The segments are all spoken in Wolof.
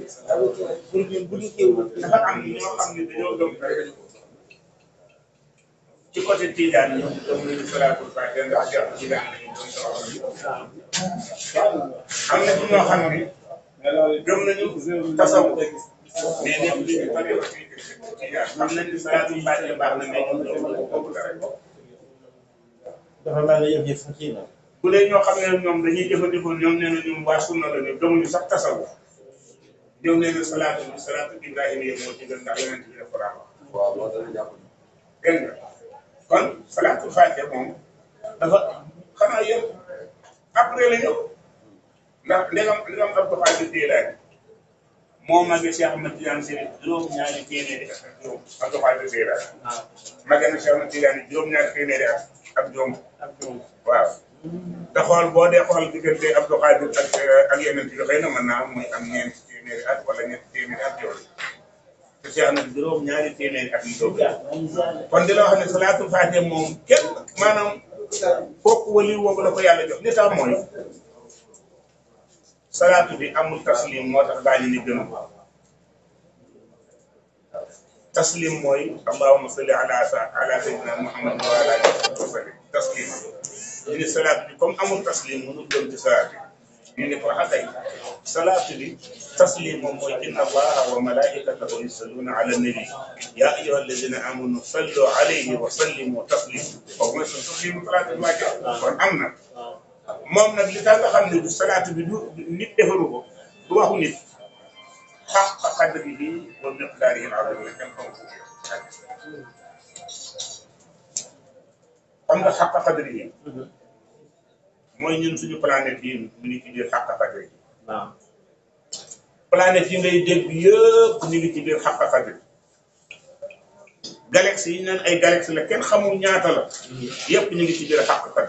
pour ñun bu kiiw dafa am ñoo xam ne dañoo gëm ci côté Tijaan ñoom gëm nañu salaatul na ñoo xam ne gëm nañu tasawuf mais ñoom li ñu paree wax Tijaan xam baax na mais ni yëf-yëf fu kii na bu dee ñoo xam ne ñoom dañuy jëfandikoo ñoom nee na ñoom waa sunna la ñu gëmuñu sax tasawuf ñoom nee na salaatu salaatu Ibrahima yëpp moo ci gën ndax yonent bi dafa raam. waaw waaw dana jàpp. gën nga kon salaatu Faatiha moom dafa xanaa yëpp après la ñëw ndax ndegam ndegam ab doxal bi téye laaj moo màggee Cheikh Ahmed Tidiane Sène juróom-ñaari téeméeri ak juróom ab doxal bi téye laaj. waaw màggee na Cheikh Ahmed Tidiane juróom-ñaari téeméeri ak ak juróom. ak juróom waaw. te xool boo dee xool diggante ab doxal bi ak ak yeneen yi xëy na mën naa am muy am ñeent. téeméeri at wala ñetti téeméeri at yooyu te Cheikh nag juróom ñaari téeméeri at yu doog kon di la wax ne salaatul faatiha moom kenn maanaam kooku wali woowu la ko yàlla jox li tax mooy salaatu bi amul taslim moo tax gaañu ni gënu taslim mooy allahumma salli ala ala sayyidina muhammad wa ala alihi wa sallam taslim ñu ne salaat bi comme amul taslim mënul gën ci salaat bi ñu ne ko akay salaatu bi taslim moom mooy inna allaha wa malaikatahu yusalluna ala nabi ya ayyuha alladina amanu sallu alayhi wa sallimu taslim kooku mooy sun taslimu salaatu bi wàcce kon am na moom nag li tax nga xam ne du salaatu bi du nit defaru ko du waxu nit حق قدره ومقداره العظيم كم قمت حق قدره mooy ñun suñu planète yi mu ngi ci biir xàq yi. waaw planète yi ngay dégg yëpp ñu ngi ci biir xàq-xàq yi. galaxie ay galaxie la kenn xamul ñaata la. yëpp ñu ngi ci biir xàq-xàq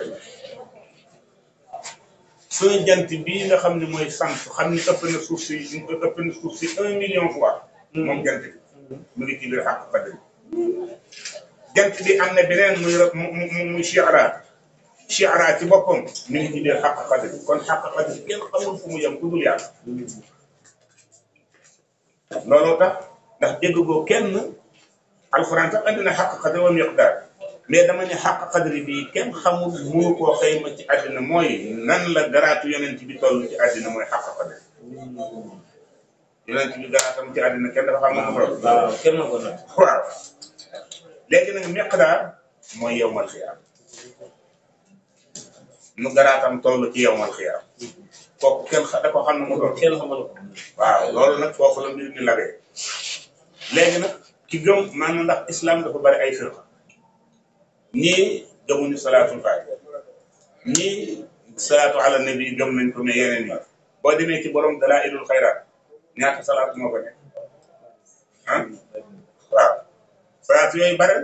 jant bii nga xam ne mooy sant xam ne ëpp na suuf si suuf si un million fois. moom jant bi. mu ngi ci biir xàq jant bi am na beneen muy muy muy chiara ci boppam ñu ngi tuddee xàq xadir kon xàq xadir kenn xamul fu mu yem ku dul yàlla looloo tax a dégg goo kenn alxuraan tax andi na xàq xadir wam miqdaar mais dama ne xàq xadir bi kenn xamul munu koo xayma ci àddina mooy nan la garaatu yonent bi toll ci àddina mooy xàq xadir yonent bi garaatam ci àddina kenn dafa xam mu toll. waaw kenn ko nag. waaw léegi nag miqdaar mooy nu garaatam toll ci yow mal xiyaam kenn xa xam ne mu doon kenn xamal ko waaw loolu nag foofu la mbir mi lawee léegi nag ki gëm maanaam ndax islam dafa bari ay firqa ñii gëmuñu salaatul faatiha ñii salaatu ala nabi gëm nañ ko ne yeneen yi boo demee ci borom dalaa'ilul xayraat ñaata salaat moo ko place yooyu bare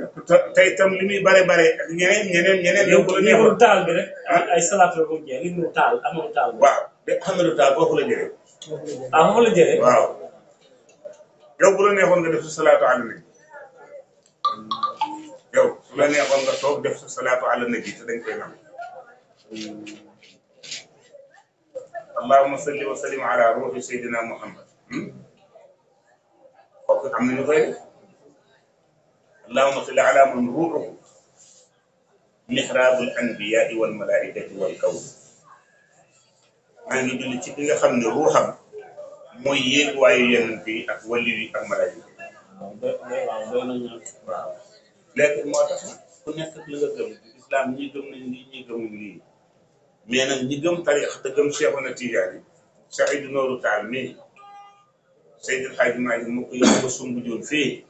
tey tam li muy bare bare ak ñeneen ñeneen ñeneen. yow li mu taal bi ah. ay salaat la ko jëlee li mu taal amul de amul taal foofu la jëlee. ah foofu la jëlee. waaw yow bu la neexoon nga def toog def sa salaatu ala nabi te dañ koy nam allahumma salli wa ala ruhi sayyidina muhammad hmm? اللهم صل على من روحه محراب الانبياء والملائكه والكون ماغي جولي سي ليغا خامني روحام موي ييغ واي يننتي اك وليدي اك ملائكه لك موتاخ كو نيك ليغا گم الاسلام ني گم ني ني گم ني مي نا ني گم تاريخ تا گم شيخنا تيجاني سعيد نور تعالى سيد الحاج ماجي مكو يوسف بن جون فيه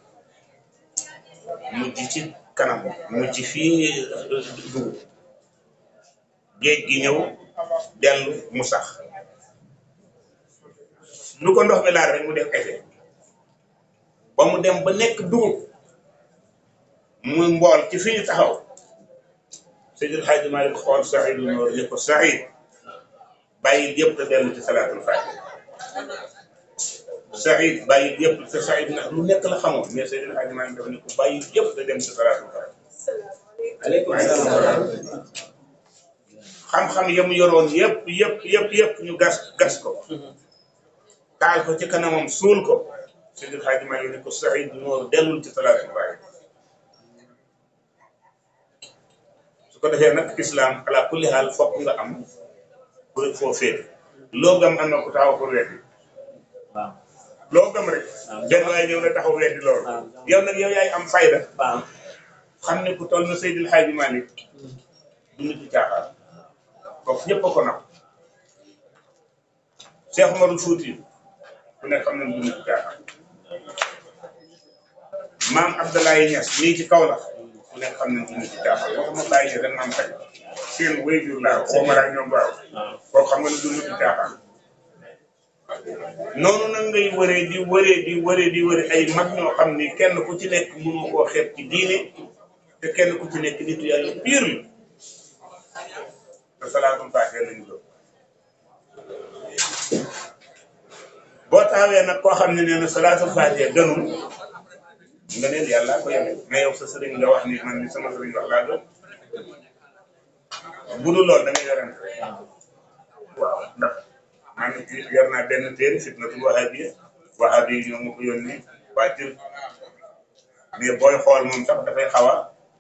mujj ci kanam mu mujj fii euh, dugub géej gi ñëw dell mu sax lu ko ndox mi laal rek mu def effet ba mu dem ba nekk dugub muy mbool ci fi ñu taxaw Seydil Hadji Malick xool Saïd Noor ne ko Saïd bàyyi yëpp te dellu ci salaatul faatiha Saïd bàyyi yëpp te Saïd lu nekk la xamoon mais Seydina Hadj Malick dafa ne ko bàyyi yëpp da dem ci salaatul farat. xam-xam ya yoroon yëpp yëpp yëpp ñu gas gas ko. taal ko ci kanamam suul ko Seydina Hadj Malick ne ko Saïd Noor dellul ci salaatul farat su ko defee nag islam xaal foog nga am foo féete. loo gam am na ko taaw ko weeti loo gëm rek ah. benn waaye ñëw na taxaw weddi loolu ah. yow nag yow yaay am fayda ah. xam ne ku toll na Seydil Hadji Malick du nit ci caaxaan ko naw Cheikh Umarul Fuuti ku ne xam ne du nit ci caaxaan maam Abdoulaye Niass nii ci kaw la ku ne xam ne du nit ci caaxaan waxuma Baye Niass rek maam Faye seen wéyjur laa waxuma laa ñoom waaw kooku xam ne du nit noonu nag ngay wëree di wëree di wëree di wëree ay mag ñoo xam ni kenn ku ci nekk mënu koo xeeb ci diine te kenn ku ci nekk nitu yàlla piir la te salaatum paakee nañ ko boo taxawee nag koo xam ne nee na salaatul faatiha gënul nga neen yàlla ko yemee mais yow sa sëriñ nga wax ni man ni sama sëriñ wax laa gëm bu dul loolu da ngay yorante rek waaw ndax maa ngi ci yor naa benn téere fitnatul wahabiya wahabiya ñoo ma ko yónnee waa tur mais booy xool moom sax dafay xaw a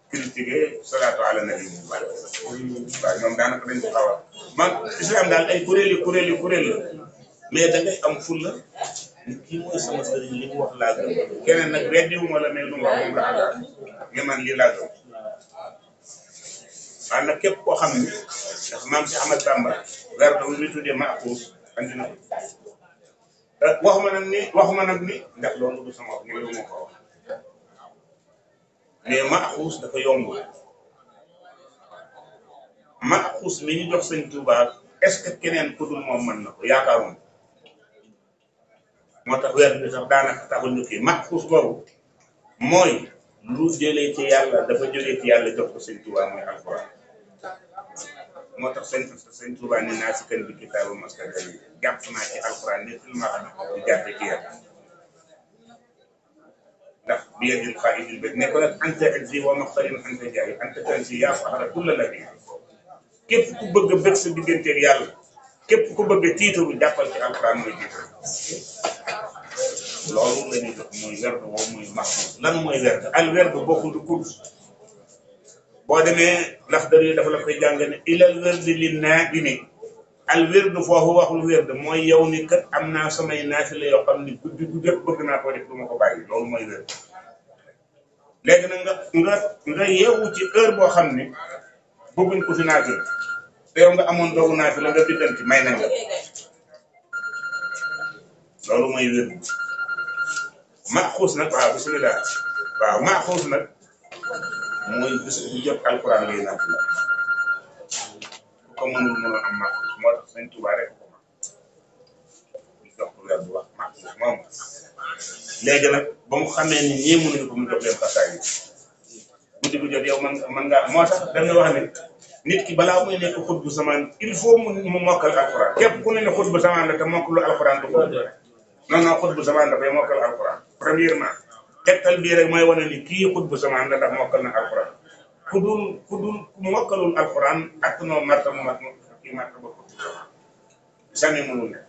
critiqué salaatu ala nabi mu bari waaw ñoom daanaka dañ ko xaw a man islam daal ay kuréel yi kuréel yi kuréel la mais da ngay am fulla ni kii mooy sama sëriñ li mu wax laa gëm keneen nag weddiwuma la mais lu mu wax moom la àndaat mais man lii laa gëm waaw nag képp koo xam ne ndax maam si Ahmad Bamba weer dafa ñu tuddee Maaxuus Andina, na waxuma nag ni waxuma nag ni ndax loolu du sama ni yow moo wax mais maxuus dafa yomb maxuus mi ñu jox sëñ Touba est ce que ku dul moom sax taxul ñu lu jëlee ci yàlla dafa jëlee ci yàlla jox ko Touba moo tax sëñ sëñ Tuubaa ne naa si kan bi kitaabu mustaqbal yi jàpp naa ci alquran lépp lu ma xam di jàppe ci yàlla ndax bi yadil qaa'idil bët ne ko nag anta ajzi wa muxtarin anta jaay anta tanzi yaa fahara kulla nabi képp ku bëgg a bëgg sa digganteeg yàlla képp ku bëgg a tiitaru jàppal ci alquran mooy jiital loolu la ñuy def mooy werd woowu mooy max lan mooy werd al werd bokkul du kudd boo demee laf dafa la koy jàng ne ilal wérdi li naadimi al wérdu foofu waxul wérdu mooy yow ni kat am naa samay naafila yoo xam ni guddi guddi yëpp bëgg naa ko def du ma ko bàyyi loolu mooy wérdu léegi nag nga nga nga yeewu ci heure boo xam ne bëgguñ ko fi naafila te yow nga amoon doogu naafila nga biddanti may nañ la loolu mooy wérdu maaxuus nag waaw bisimilah waaw maaxuus nag mooy bés bu jot alquran ngay natt la bu ko mënul a am màq moo tax sëñ Tuubaa rek ko ma jox ko nag ba mu xamee ni ñii mënuñu ko mu jox leen yow man man ngaa moo tax da wax ne nit ki balaa muy nekk xutbu samaan il faut mu mokkal alquran képp ku ne ne xutbu samaan la te mokkalu alquran du ko non non xutbu samaan dafay mokkal tegtal bii rek mooy wane ni kii xut bu samaan la ndax mokkal na alxuraan ku dul ku dul ak noo marta mu mat kii marta ba xut bu samaan sànni mënul ne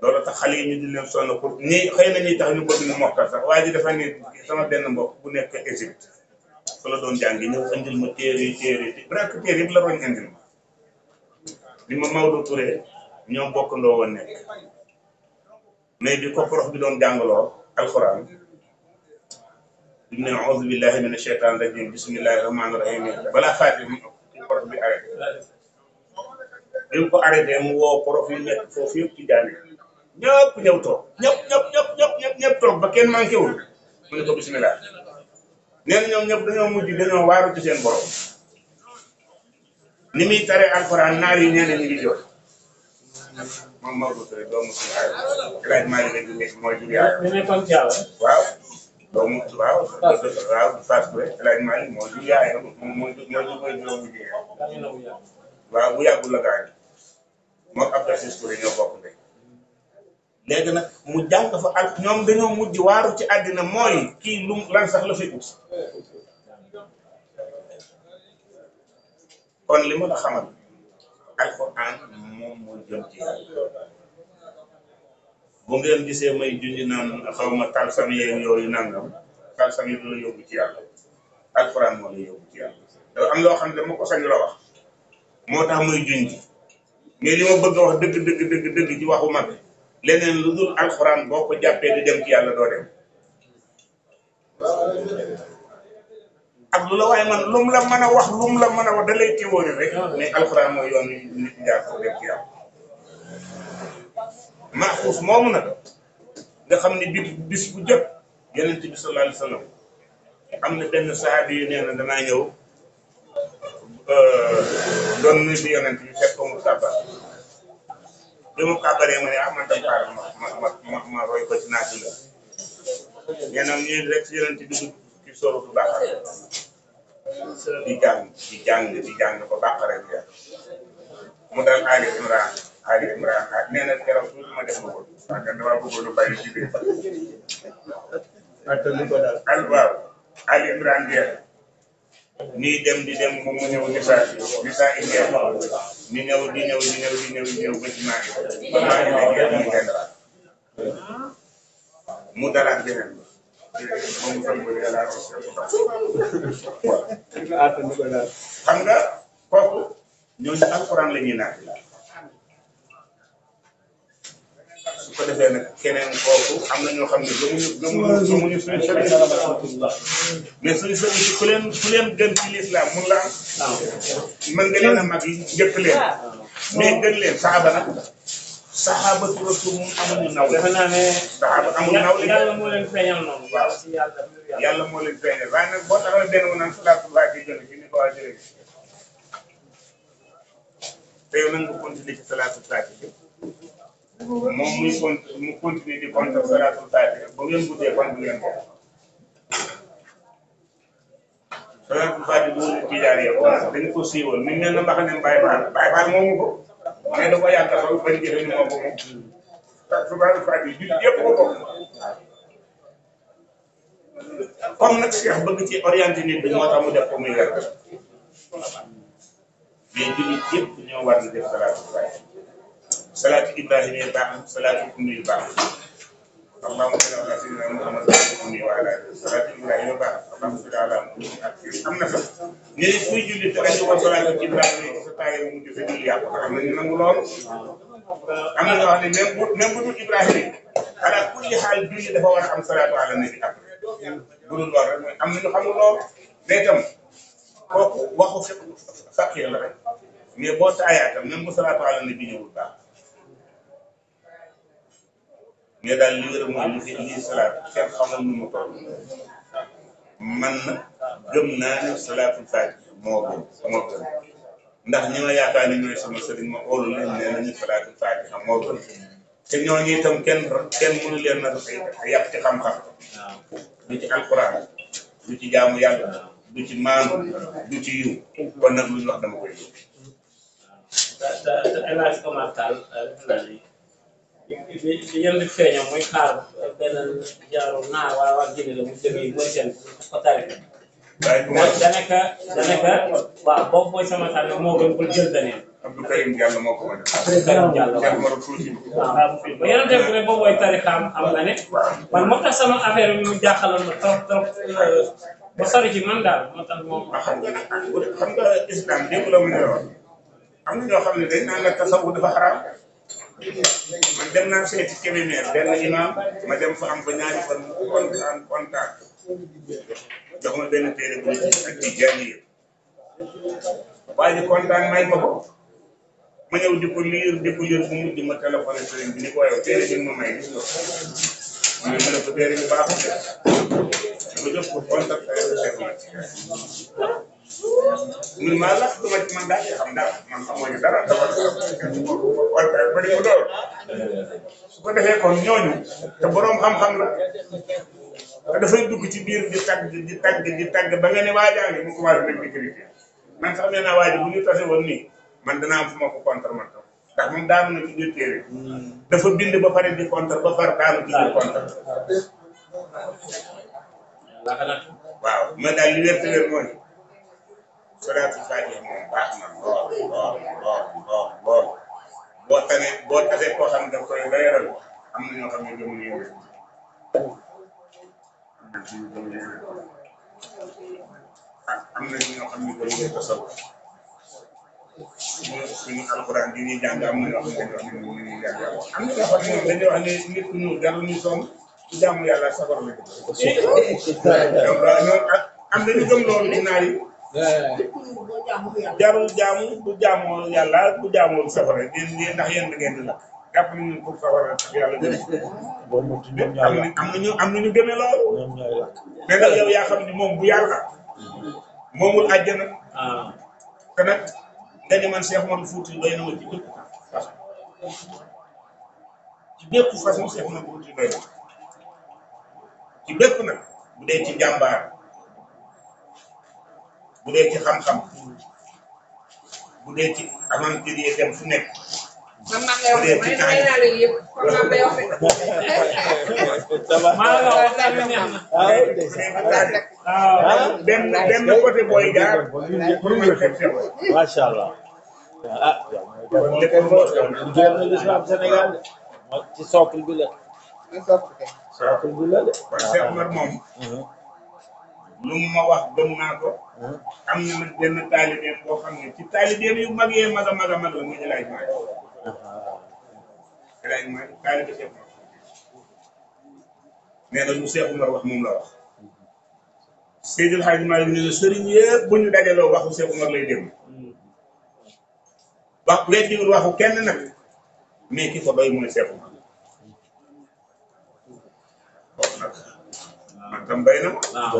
loolu tax xale yi ñu di leen sonn pour ñi xëy na ñuy tax ñu ko dina sax waa ji dafa ne sama benn mbokk bu nekk Égypte fa la doon jàngi ñëw indil ma téere yi téere yi braq téere yëpp la roñ indil ma li ma Maodo Touré ñoom bokkandoo woon nekk mais bi ko prof bi doon jàngaloo alquran ne a'udhu billahi min asheytan rajim bismillahi rahmani rahim bala fàtte mu prof bi arrêté bi mu ko arrêté mu woo prof yi nekk foofu yëpp ci jànne ñëpp ñëw toog ñëpp ñëpp ñëpp ñëpp ñëpp ñëpp toog ba kenn manqué wul mu ne ko bismillah nee na ñoom ñëpp dañoo mujj dañoo waaru ci seen borom ni muy tare alquran naar yi nee ñi di ngi jot moom Maodo Touré doomu doomu waaw. mu jàng ak ñoom dañoo mujj waaru ci àddina mooy kii lu lan sax la fi kon li ma la xamal. alquran moom moo jëm ci bu ngeen gisee may junj naan xaw ma talsam yeeg yooyu nangam talsam yi du la ci yàlla alquran moo la yóbbu ci yàlla dafa am loo xam ne ma ko sañ moo tax muy junj mais li ma bëgg a wax dëgg dëgg dëgg dëgg ci waxu mag leneen lu dul alxuraan boo ko jàppee du dem ci yàlla doo ak lu la waaye man lu mu la mën a wax lu la mën a wax da lay tiwoori rek mais ah. alxuraan mooy yoon wi nit ñi jaar ko dem ci yàlla maaxuus moomu nag nga xam ne bi bis bu jot yonent bi sallallahu alayhi wa sallam am na benn sahabi yu nee na rek soratu Baqara di jàng di jàng di jàng ba Baqara jeex mu dal Ali Imran Ali Imran nee na keroog tuuti ma def ma ko parce que dama bëggoon a bàyyi ci biir al waaw Ali Imran jeex nii dem di dem moom mu ñëw nisaa nisaa i jeex ni ñëw di ñëw di ñëw di ñëw di ñëw ba ci maa ngi maa ngi lay jeex mu mu dalaat beneen xam nga kooku ñooñu alxuraan la ñuy naaj su ko defee nag keneen kooku am na ñoo xam ne gëmuñu gëmuñu gëmuñu suñu sëriñ mais suñu sëriñ ku leen ku leen gën ci lislaam mun am ah. mën nga leen a mag saxaabatu rasul moom amuñu naw. defe naa ne. saxaaba amuñu naw yàlla moo leen feeñal noonu. waaw yàlla moo leen feeñal waaye nag boo taxawal benn wu naan salaatu laa koy jëlee ñu ne ko waa jëlee te yow nan nga continuer ci salaatu taati bi moom muy con mu continuer di compter salaatu taati ba ngeen guddee kon du ngeen bokk. salaatu taati boobu Tijaani yow dañu ko siiwal mi mel ne Mbaxane Baye Fall Baye Fall moomu ko. mais da ko yàlla taxaw bañ jëfandikoo ko moom. parce que Baay Faal yi jullit yëpp comme nag Cheikh bëgg ci orienté nit bi moo tax mu def ko muy wér. mais jullit yëpp ñoo war di def salaatu Baay. salaatu Ibrahima yi baax salaatu Ummi yi baax. اللهم صل على سيدنا محمد وعلى اله صلاه ابراهيم وبارك اللهم صل على محمد am na sax ne fuy julli te dañu woon salaatu ci ibrahima sa taay mu mujj sa julli yàqu xam nañu nangu lool am na ñoo xam ne même bu même bu dul ibrahima ala kulli xaal julli dafa war a am salaatu ala nabi am bu dul lool rek mooy am na ñu xamul lool mais tam kooku waxu fekk faqir la rek mais boo taayaa tam même bu salaatu ala nabi ñëwul baax ne dal li wër mooy mu fi indi salaat kenn xamul nu mu toll man nag gëm naa ne salaatul faatiha mo gën moo gën ndax ñi nga yaakaar ne ñooy sama sëriñ ma óolu leen nee nañu salaatul faatiha moo gën te ñi tam kenn kenn mu ñu leen na yaak ci xam-xam du ci alquran du ci jaamu yalla du ci maam du ci yu kon nak lu ñu wax dama koy yiw. te te El Hadj Omar Tall li ñoom di feeñoo mooy xaar benn jaaro naar waa waa Guinée la mu demee mooy seen xotari danaka danaka waaw boobu mooy sama tànn moo gën bul jël beneen Abdou Karim Diallo moo ko mën a. Abdou Karim Diallo na ne. man moo tax sama affaire bi mu jaaxaloon na trop trop euh, ba sori man daal moo tax moom. xam nga islam dégg la mu am ne dañ man dem naa seeti benn imam ma dem fa am fa ñaari fan kontaan kontaan jox ma benn téere bu ñu ak ci jàng yëpp waa ji kontaan may ma ko u ñëw di ko liir di ko liir ma téléphoné sëriñ bi ni ko yow téere bi ma may gis nga ma ne ma ne ko téere bi baaxul de ma jox ko contact ak mun maa la lu ma di man xamoo ñu ko defee kon boroom xam-xam la te dugg ci biir di tàgg di tàgg di tàgg ba nga ne waajaa ngi mu commencé nag di critiqué man sax nee naa waaji bu ñu tase woon ni man danaam am fu ma ko contre man tam ndax moom daanu na ci biir dafa bind ba pare di contre ba far daanu ci biir waaw ma daal li wér mooy salaatul faatiha moom baax na lool lool lool lool lool boo tane boo tasee koo xam ne daf koy doyalal am na ñoo xam ne gëmuñu yëngu am na suñu gëmuñu yëngu am na ñoo xam ne gëmuñu tasawuf suñu suñu alxuraan bi ñuy jàng am na ñoo xam ne dañoo xam ne ñuy jàng am na ñoo xam ne dañoo wax ne nit ñu dara ñu sonn jàmm yàlla safar la am na ñu gëm loolu di naar yi jarum jamu du jaamoo yàlla du jaamoo safara ngeen ngeen ndax yéen da ngeen di lakk jàpp nañu pour safara tax yàlla gën boo mutu ñoom ñaar lakk am nañu am nañu gën a lool ñoom ñaar lakk mais nag yow yaa xam ne moom bu yàlla moomul àjjana ah. te nag nga ne man Cheikh Modou Fouti doy na ma ci bépp ci bépp façon Cheikh Modou Fouti doy ci bépp nag bu dee ci jàmbaar bu dee ci xam-xam bu dee ci aventurier dem fu nekk. man maa ngi lay wax man maa ngi lay wax benn benn côté booy jaar. macha allah. ah. Sénégal ci socle bi la. socle bi la de. lu mu ma wax gëm naa ko. am na nag benn taalibeem boo xam ne ci taalibeem yu mag yee mag a mag a mag la muy El Hadj Malick. El Hadj Malick taalibe Cheikh Umar. nee na lu Cheikh Umar wax moom la wax. Seydil Hadj Malick ne la sëriñ yëpp bu ñu dajaloo waxu Cheikh Umar lay déglu. wax weddiwul waxu kenn nag mais ki ko doy mooy Cheikh Umar. bay na. Ah.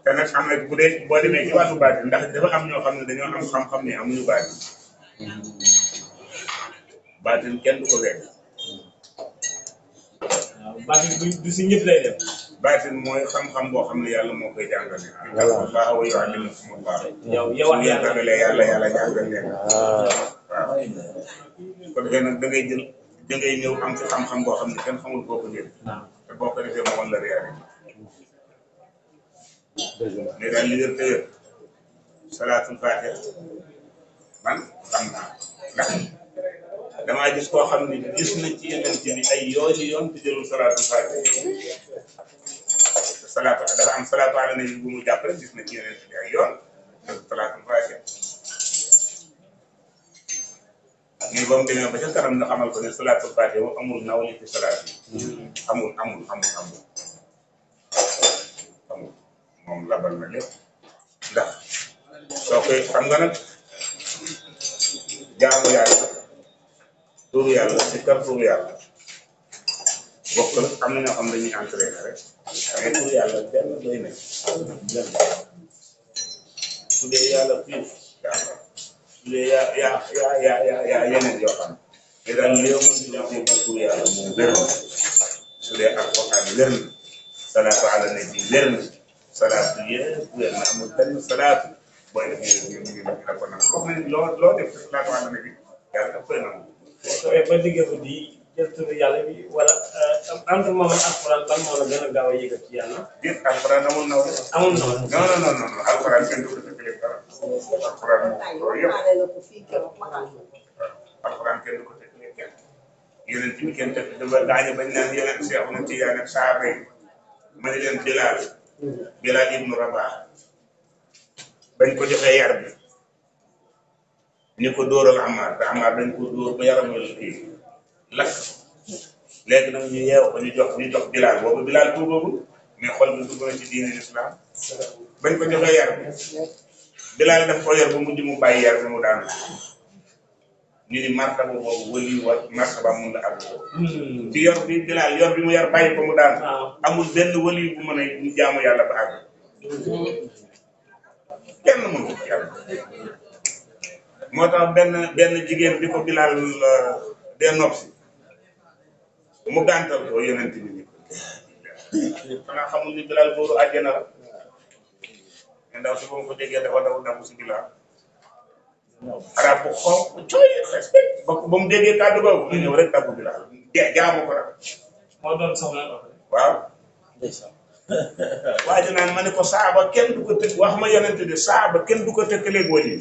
te nag xam nga bu dee boo demee ci wàllu baatin ndax dafa am ñoo xam ne dañoo am xam-xam ne amuñu baatin. baatin kenn du ko wekk. waaw ah, baatin du si ñëpp lay dem. baatin mooy xam-xam boo xam ne yàlla moo koy jàngale. waaw waaw baax a yoo xam ne moom moo baax. yow nag da jël da ñëw am xam-xam boo xam ne kenn xamul kooku njëriñ. te boo ko defee moom la réalité. mais daal li wér te wér salaatul faatiha man xam naa ndax damaa gis koo xam ne gis na ci yeneen ci ay yooni yoon te jëlul salaatul faatiha te salaatu dafa am gis na ci yeneen ci ay yoon te salaatul faatiha mais ba mu demee ba ca kanam nga xamal ko ne salaatul faatiha boobu amul naaw li ci salaat yi. amul amul amul amul. amul moom labal na lépp ndax soo koy xam nga nag jaamu yàlla tuuru yàlla si kër am na ñoo xam dañuy entraîné rek waaye tuuru yàlla benn doy na benn su yàlla plus yaa yaa yaa yaa yaa yeneen yoo xam ne daal yow mos ñu am bakku yàlla moom wér na su dee alquran wér na salaatu ala nabi wér na salaatu yëpp wér na amul benn salaatu booy def yéen ñu ngi nag la ko nangu loo xam ne loo loo def salaatu ala nabi yàlla daf koy nangu. waaye ba liggéey ko di jël turu yàlla bi wala. Eh, entre moom ak alxuraan ban moo la gën a gaaw a ci yàlla. biir alxuraan amul naw kenn du ko tëkkaleeg dara. alxuraan bañ naan yeneen seexu na ci yàlla saaba yi ma Bilaal. Bilaal ibnu Rabaa bañ ko joxee yar bi. ni ko dóoral Amar te Amar dañ ko dóor ba yaram la léegi nag ñu yeew ko ñu jox ñu jox bilaal boobu bilaal tur boobu mais xol bi dugg na ci diine lislaam bañ ko joxee yar bi bilaal daf ko yor bu mujj mu bàyyi yar bi mu daan ñu ni martaba boobu wëli wa martaba hmm. mu yar amul benn wëli bu mën a jaamu yàlla ba àgg kenn mënu ko yàlla moo tax benn benn jigéen bi ko bilaal euh, dee nopp si mu gàntal ko yonent bi ni xanaa xamul ni bilal booru àjjana la ne si boobu ko déggee dafa daw si bilal arab bu xonq cooy respect ba mu déggee kàddu boobu ñëw rek dabu bilal jaamu ko moo doon soxla waaw waa ji naan ma ne ko saaba kenn du ko tëkk wax ma yonent de saaba kenn du ko tëkkaleeg ah, wali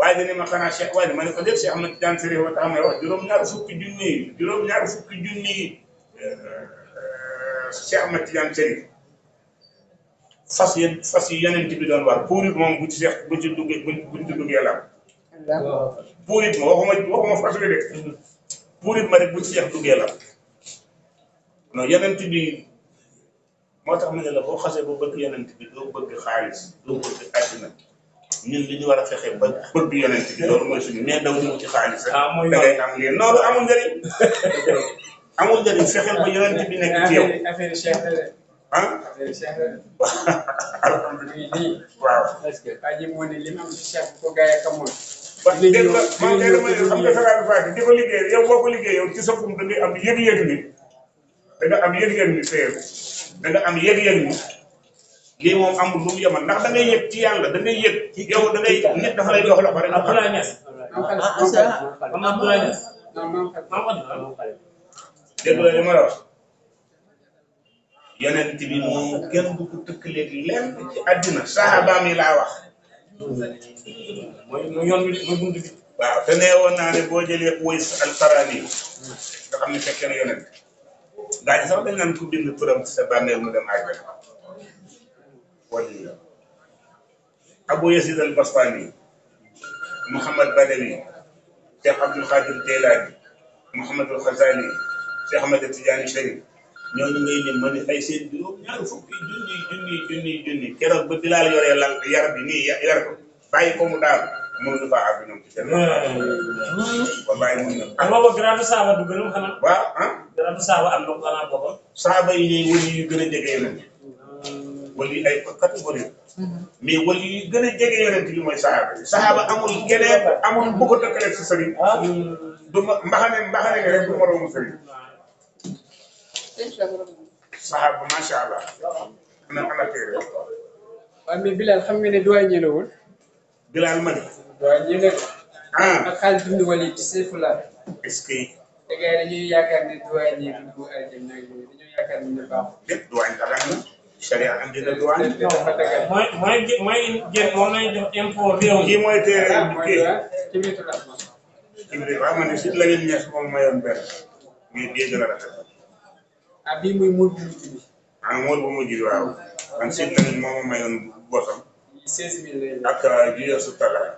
waaye ne ma xanaa Cheikh waaye ma ne ko lépp Cheikh Ahmad Tidiane Siré wa tax may wax juróom-ñaar fukki junni yi juróom-ñaar fukki junni yi Cheikh Ahmad Tidiane Siré fas yi fas yi yeneen bi doon war pour it moom bu ci Cheikh bu ci duggee bu ci duggee la pour it ma waxuma waxuma fas wi de pour it ma rek bu ci Cheikh duggee la non yeneen bi moo tax ma ne la boo xasee boo bëgg yeneen bi doo bëgg xaalis doo bëgg àddina ñun li ñu war a fexe ba bëgg yonent bi loolu mooy suñu mais daw ñëw ci xaalis rek. ah mooy da ngay am léegi loolu amul njëriñ. amul njëriñ fexeel ba yonent bi nekk ci yow. affaire cheikh la ah. affaire cheikh la waaw. est-ce que Aji moo ne li mu am ci cheikh ko gars yi xamoon. ba dégg nga man de dama ne xam nga Fapal Fatick di ko liggéey yow boo ko liggéey yow ci sa kum da ngay am yëg-yëg ni da nga am yëg-yëg ni seer da nga am yëg-yëg ni. li mom am lu yamal ndax da ngay yek ci yalla da ngay yek yow da ngay nit da lay dox la bari abdoulaye am wax yonent bi kenn ko len ci sahaba mi la wax moy na ne al farani nga xamni yonent sax dañ nan ko bind turam sa banel mu dem wali la Abu Yazid al Bastami Mouhamad Badawi Cheikh Abdul Xaadir Jeylaani Mouhamadul Xazaali Cheikh Ahmad Tijaani Sharif ñooñu ngay lim ma ni ay seen juróom ñaar fukki junni junni junni junni keroog ba Bilaal yoree lal yar bi nii yar ko bàyyi ko daal mënuñu faa àgg ñoom ci seen. wallaahi saaba du gën a xanaa. waaw ah. garaatu saaba am na ko xanaa saaba yi yi gën a jege yéen wala ay catégorie mhm. mais wala yi gën a jege yonent bi mooy saxaaba yi saxaaba amul geneen amul bëgg a tëkkale si sëriñ ah. du ma mbaxane mbaxane nga rek du moromu sëriñ mais Bilal xam nga ne doyen la woon Bilal ma ne doyen la ah ak xaalis dund wala ci seefu la est-ce que te gars yi dañuy yaakaar ne doyen yi du aljanna dañoo yaakaar ne sharia am dina duwaan. mooy mooy mooy génn moom lañ jox impôt réew mi. kii mooy téere kii. Ibrahima waaw man de si la ngeen ñees moom mayoon benn. muy dégg la rafet. Ah, bii muy muur bu mujj bi. ah muur bu la ngeen moom mayoon bosam. seize mille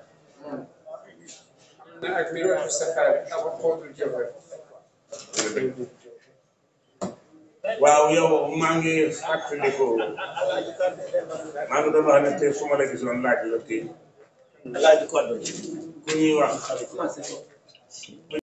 waaw yow maa ngi fàttaliku maa ngi doon wax ne tey ma la gisoon laaj la kii. laaj ko ku ñuy wax.